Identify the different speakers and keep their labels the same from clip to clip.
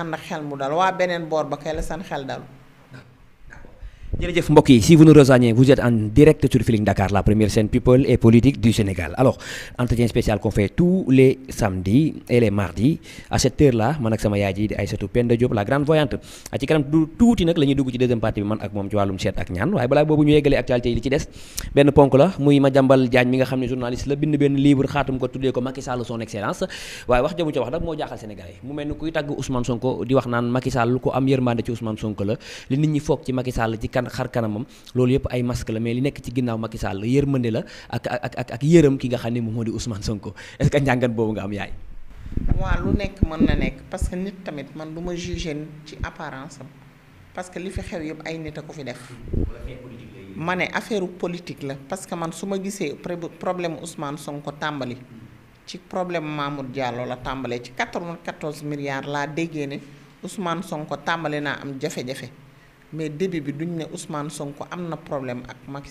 Speaker 1: ànd xel mu dal waa beneen boor ba kay la seen xel dalu
Speaker 2: jërëjëf mbokk yi si vous nous vous êtes en direct sur Dakar la première chaîne people et politique du Sénégal alors entretien spécial qu'on tous les samedis et les mardis à cette heure là ak sama yaay ji di Aïssatou Penda Diop la grande voyante a ci kanam tuuti nag la dugg ci deuxième bi man ak moom ci seet ak ñaan waaye balaa boobu ñu yeggalee actualité yi li ci des benn ponk la muy Madiambal Diagne mi nga xam ne journaliste xar kanamam loolu yëpp ay masque la mais li nekk ci ginnaaw Macky Sall yërmande la ak ak ak ak yërëm ki nga xam ne moom moo di Ousmane Sonko est-ce que njàngat boobu nga am yaay.
Speaker 1: waa lu nekk mën na nekk parce que nit tamit man du ma jugé ci apparence am parce que li fi xew yëpp ay nit ak ko fi def. ma ne affaire politique la parce que man su ma gisee problème Ousmane ko tàmbali. ci problème Mamour Diallo la tàmbalee ci 94 milliards laa déggee ne Ousmane Sonko tàmbali naa am jafe mais début bi duñ ne Ousmane Sonko am na problème ak Macky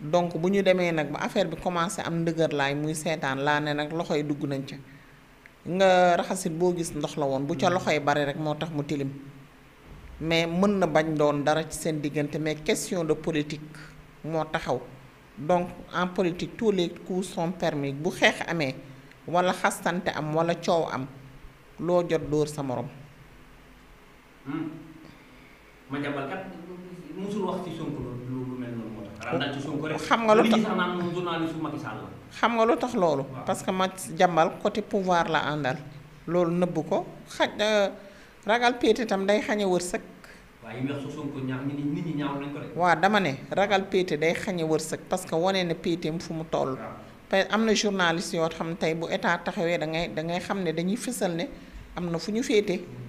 Speaker 1: donc bu ñu demee nag ba affaire bi commencé am ndëgër laay muy seetaan laa ne nag loxo yi dugg nañ ca nga raxasit boo gis ndox la woon bu ca mm. loxo yi bari rek moo tax mu tilim mais mën na bañ doon dara ci seen diggante mais question de politique moo taxaw donc en politique tous les coups sont permis bu xeex amee walla xastante am walla coow am loo jot dóor sa moroom.
Speaker 2: Mm. Madiambal kat
Speaker 1: xam nga lu tax loolu. parce que Madiambal côté pouvoir la àndal. loolu nëbbu ko xaj euh, ragal péete itam day xañe wërsëg. waaw dama ne ragal péete day xañe wërsëg parce que wane na péeteem fu mu toll. parce que am na journaliste yoo xam tey bu état taxawee da ngay da ngay xam ne dañuy fësal ne am na fu ñu féete. Mm-hmm.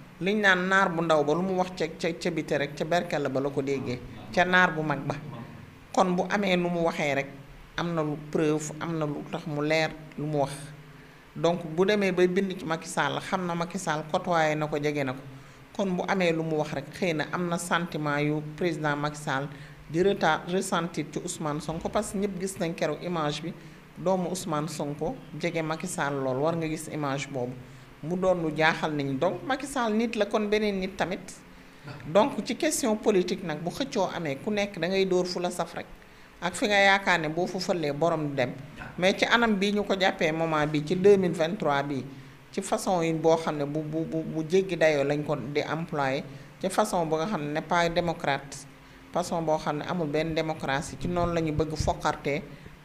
Speaker 1: liñ naan naar bu ndaw ba lu mu wax ca ca ca bite rek ca berkele ba la ko déggee ca naar bu mag ba kon bu amee lu mu waxee rek am na lu preuve am na lu tax mu leer lu mu wax donc bu demee bay bind ci Macky xam na Macky Sall côtoyé na ko jege na ko kon bu amee lu mu wax rek xëy na am na sentiment yu président Macky Sall di retard ressentir ci usmaan Sonko parce que ñëpp gis nañ keroog image bi doomu Ousmane Sonko jege Macky Sall lool war nga gis image boobu. mu doon lu jaaxal nañ donc Macky Sall nit la kon beneen nit tamit donc ci question politique nag bu xëccoo amee ku nekk da ngay dóor fu la saf rek ak fi nga yaakaar ne boo fu fëlee borom du dem mais ci anam bi ñu ko jàppee moment bi ci 2023 bi ci façon boo xam ne bu bu bu bu jéggi dayoo lañ ko di employé ci façon bu nga xam ne n'est pas démocrate façon boo xam ne amul benn démocratie ci noonu la ñu bëgg foqartee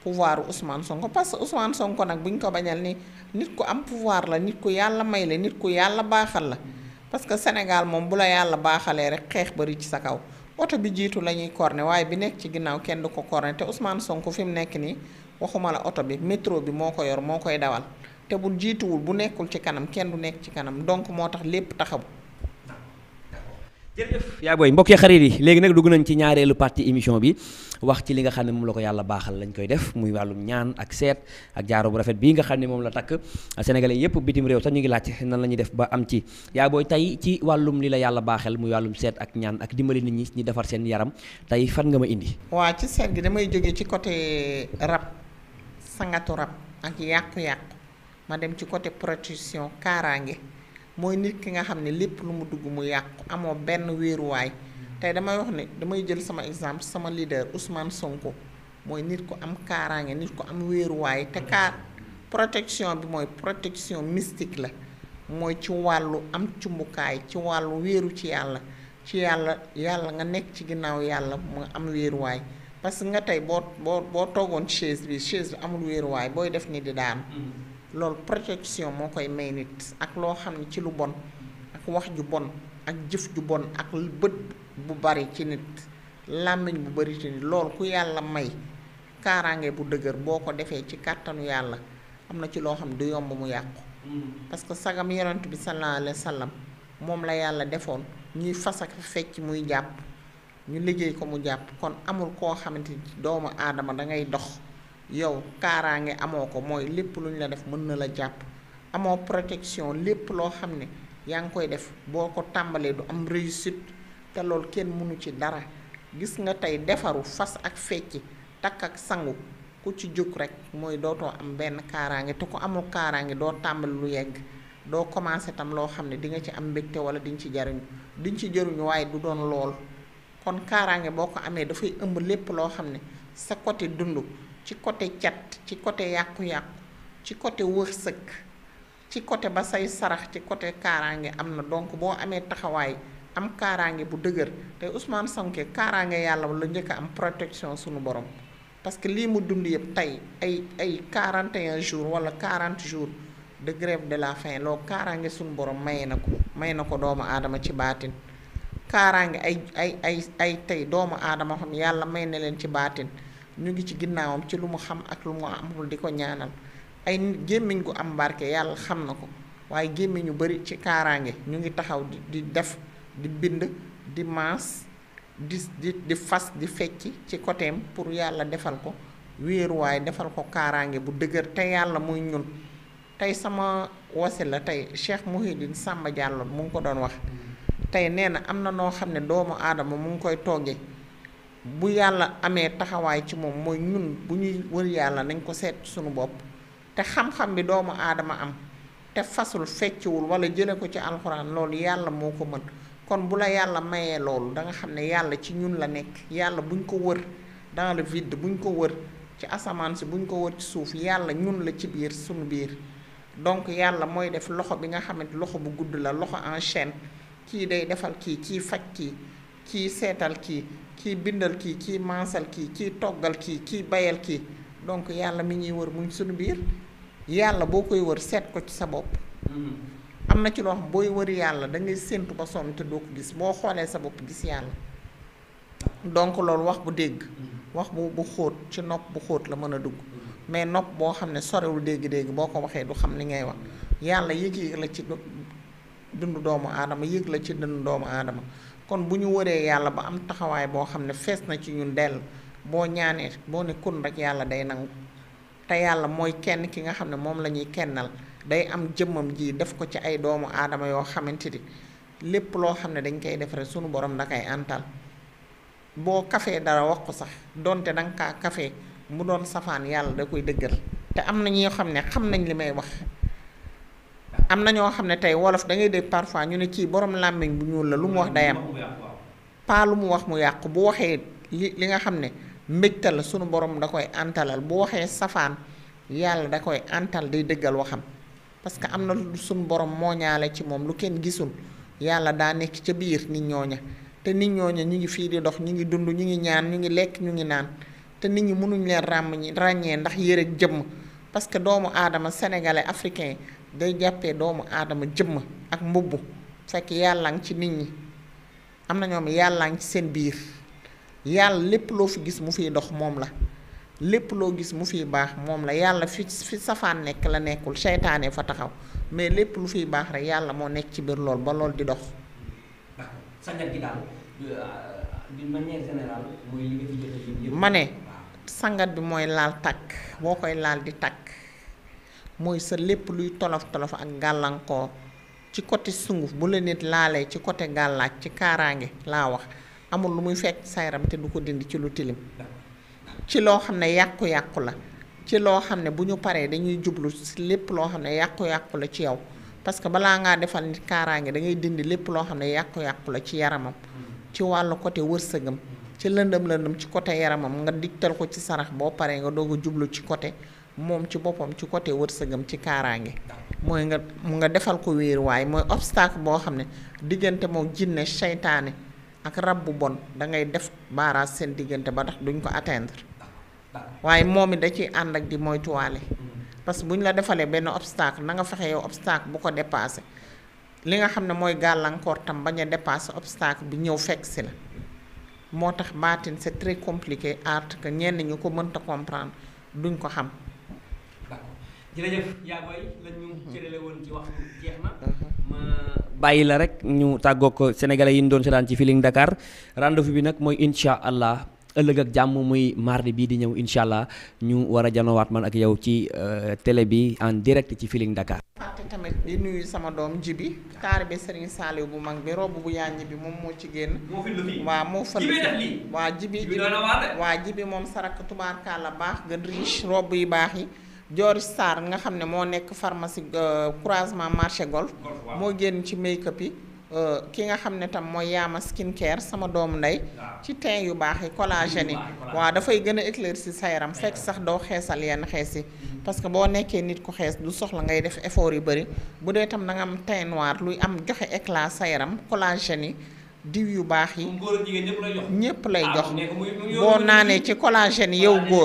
Speaker 1: pouvoir Ousmane Sonko parce que Ousmane Sonko nag buñ ko bañal nii nit ku am pouvoir la nit ku yàlla may la nit ku yàlla baaxal la parce que Sénégal moom bu la yàlla baaxalee rek xeex bari ci sa kaw oto bi jiitu la ñuy corné waaye bi nekk ci ginnaaw kenn du ko corné te Ousmane Sonko fi mu nekk nii waxuma la oto bi métro bi moo ko yor moo koy dawal te bul jiituwul bu nekkul ci kanam kenn du nekk ci kanam donc moo tax lépp taxaw jërëjëf yaa booy mbokk xarit yi
Speaker 2: léegi nag dugg nañ ci ñaareelu partie émission bi wax ci li nga xam ne moom la ko yàlla baaxal lañ koy def muy wàllum ñaan ak seet ak jaaro bu rafet bii nga xam ne moom la takk sénégalais yëpp bitim réew sax ñu ngi laajte la ñuy def ba am ci yaa booy tey ci wàllum li la yàlla baaxal muy wàllum seet ak ñaan ak dimbali nit ñi ñi defar seen yaram tey fan nga ma indi
Speaker 1: waa ci seet gi damay jóge ci côté rab sangatu rab ak yàqu-yàqu ma dem ci côté protection kaaraange mooy nit ki nga xam ne lépp lu mu dugg mu yàqu amoo benn wéeruwaay tey damay wax ne damay jël sama exemple sama leader Ousmane Sonko mooy nit ku am kaaraange nit ko am wéeruwaay te kaar protection bi mooy protection mystique la mooy ci wàllu am cumbukaay ci wàllu wéeru ci yàlla ci yàlla yàlla nga nekk ci ginnaaw yàlla mu am wéeruwaay parce que nga tey boo boo boo toogoon chaise bi chaise bi amul wéeruwaay booy def ni di daanu. Mm-hmm. loolu protection moo koy may nit ak loo xam ne ci lu bon ak wax ju bon ak jëf ju bon ak bët bu bari ci nit làmmiñ bu bari ci nit loolu ku yàlla may kaaraange bu dëgër boo ko defee ci kàttanu yàlla am na ci loo xam ne du yomb mu yàqu mm. parce que sagam yonent bi sallallahu alayhi wa sallam moom la yàlla defoon ñuy fas ak fecc muy jàpp ñu liggéey ko mu jàpp kon amul koo xamante ni doomu aadama dangay dox yow kaaraange amoo ko mooy lépp lu ñu la def mën na la jàpp amoo protection lépp loo xam ne yaa ngi koy def boo ko tàmbalee du am réussite te loolu kenn mënu ci dara gis nga tey defaru fas ak fecc takk ak sangu ku ci jóg rek mooy dootoo am benn kaaraange te ku amul kaaraange doo tàmbali lu yegg doo commencé tam loo xam ne dinga ci am mbégte wala di nga ci jariñu di ci jariñu waaye du doon lool kon kaaraange boo ko amee dafay ëmb lépp loo xam ne sa côté dund ci côté cat ci côté yàqu-yàqu ci côté wërsëg ci côté ba say sarax ci côté kaaraange am na donc boo amee taxawaay am kaaraange bu dëgër te Ousmane Sonko kaaraange yàlla la njëkk am protection sunu borom parce que lii mu dund yëpp tey ay ay quarante jours wala 40 jours de grève de la faim loo kaaraange sunu borom maye na ko maye na ko doomu aadama ci baatin kaaraange ay ay ay ay tey doomu aadama xam yàlla may na leen ci baatin ñu ngi ci ginnaawam ci lu mu xam ak lu mu amul di ko ñaanal ay gémmiñ gu am barke yàlla xam na ko waaye gémmiñ ñu bari ci kaaraange ñu ngi taxaw di def di bind di maas di di fas di fecc ci côtéem pour yàlla defal ko wéeruwaay defal ko kaaraange bu dëgër te yàlla muy ñun tey sama wasi la tey Cheikh Mouhidine Samba Diallo mu ngi ko doon wax tey nee na am na noo xam ne doomu aadama mu ngi koy toggee bu yàlla amee taxawaay ci moom mooy ñun bu ñuy wër yàlla nañ ko seet suñu bopp te xam-xam bi doomu aadama am te fasul fecciwul wala jële ko ci alxuraan loolu yàlla moo ko mën kon bu la yàlla mayee loolu da nga xam ne yàlla ci ñun la nekk yàlla buñ ko wër dans le vide buñ ko wër ci asamaan si buñ ko wër ci suuf yàlla ñun la ci biir suñu biir donc yàlla mooy def loxo bi nga xamante loxo bu gudd la loxo en chaine kii day defal kii kii faj kii kii seetal kii kii bindal kii kii mansal kii kii toggal kii kii bayal kii donc yàlla mi ñuy wër mu suñu biir yàlla boo koy wër seet ko ci sa bopp mm-hmm. am na ci loo xam booy wër yàlla da ngay séntu ba sonn te doo ko gis boo xoolee sa bopp gis yàlla donc loolu wax bu dégg mm-hmm. wax bu bu xóot ci nopp bu xóot la mën a dugg mm-hmm. mais nopp boo xam ne sorewul dégg-dégg boo ko waxee du xam li ngay wax yàlla yëg-yëg la ci dundu doomu aadama yëg la ci dundu doomu aadama kon bu ñu waree yàlla ba am taxawaay boo xam ne fees na ci ñun dell boo ñaanee boo ne kun rek yàlla day nangu te yàlla mooy kenn ki nga xam ne moom la ñuy kennal day am jëmmam ji def ko ci ay doomu aadama yoo xamante ni lépp loo xam ne dañ koy defaree sunu borom da koy antal boo kafee dara wax ko sax donte danga kaa kafee mu doon safaan yàlla da koy dëggal te am na ñoo xam ne xam nañ li may wax. am na ñoo xam ne tey wolof dangay ngay parfois ñu ne kii borom làmmiñ bu ñuul la lu mu wax day am paa lu mu wax mu yàqu bu waxee li li nga xam ne mbégte la sunu borom da koy antalal bu waxee safaan yàlla da koy antal day dëggal waxam parce que am na lu sunu borom moo ñaale ci moom lu kenn gisul yàlla daa nekk ca biir nit ñooña te nit ñooña ñu ngi fii di dox ñu ngi dund ñu ngi ñaan ñu ngi lekk ñu ngi naan te nit ñi mënuñ leen ràmm ràññee ndax yëre jëmm parce que doomu aadama sénégalais africain day jàppe doomu aadama jëmm ak mbubb sekk yàlla ngi ci nit ñi am na ñoom yàlla ngi ci seen biir yàlla lépp loo fi gis mu fiy dox moom la lépp loo gis mu fiy baax moom la yàlla fi fi safaan nekk la nekkul seytaane fa taxaw mais lépp lu fiy baax rek yàlla moo nekk ci biir lool ba lool di dox.
Speaker 2: Euh, ma ne
Speaker 1: sangat bi mooy laal takk boo koy laal di takk. mooy sa lépp luy tolof tolof ak gàllankoor ci côté sunguf bu la nit laalee ci côté gàllaaj ci kaaraange laa wax amul lu muy fekk sa yaram te du ko dindi ci lu tilim ci loo xam ne yàqu-yàqu la ci loo xam ne bu ñu paree dañuy jublu lépp loo xam ne yàqu-yàqu la ci yow parce que balaa ngaa defal nit kaaraange da ngay dindi lépp loo xam ne yàqu-yàqu la ci yaramam ci wàllu côté wërsëgam ci lëndëm lëndëm ci côté yaramam nga digtal ko ci sarax boo paree nga doog a jublu ci côté moom ci boppam ci côté wërsëgam ci kaaraange mooy nga mu nga defal ko wéer waaye mooy obstacle boo xam ne diggante moom jinne seytaane ak rab bu bon da ngay def baaraas seen diggante ba tax duñ ko atteindre waaye moom it da ciy ànd ak di moytuwaale parce que bu ñu la defalee benn obstacle na nga fexe yow bu ko dépassé li nga xam ne mooy gàllankoor tam bañ a dépassé obstacle bi ñëw fekk si la moo tax baatin c'est très compliqué art que ñenn ñu ko mënta comprendre duñ ko xam
Speaker 2: jërëjëf hmm. uh-huh. bàyyi la rek ñu tàggoog sénégalais yi ñu doon seetaan ci Feeling Dakar rendez bi nag mooy incha allah ëllëg ak jàmm muy mardi bii di ñëw incha allah ñu war a janowaat man ak yow ci euh, télé bi en direct ci filing Dakar.
Speaker 1: tamit di nuyu sama doom ji bi taalibe Serigne Saliou bu mag bi robb bu yàññi bi moom moo ci génn. moo moo fa waa ji bi ji bi waa moom sarak baax gën riche robb yu baax yi. Dior Sarr nga xam ne moo nekk pharmacie euh, croisement marché golf moo génn ci make-up yi euh, ki nga xam ne tam mooy yaama skin care sama doomu ndey ci teint yu baax yi collagène yi waaw dafay gën a si sa yaram fekk sax doo xeesal yenn xees yi mm-hmm. parce que boo nekkee nit ku xees du soxla ngay def effort yu bëri bu dee tam da nga am teint noir luy am joxe éclat sa yaram collagène yi diw yu baax yi ñépp lay jox ah, boo naanee ci collagène yow góor